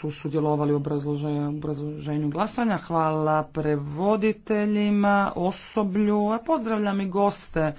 su sudjelovali u obrazloženju glasanja. Hvala prevoditeljima, osoblju, a pozdravljam i goste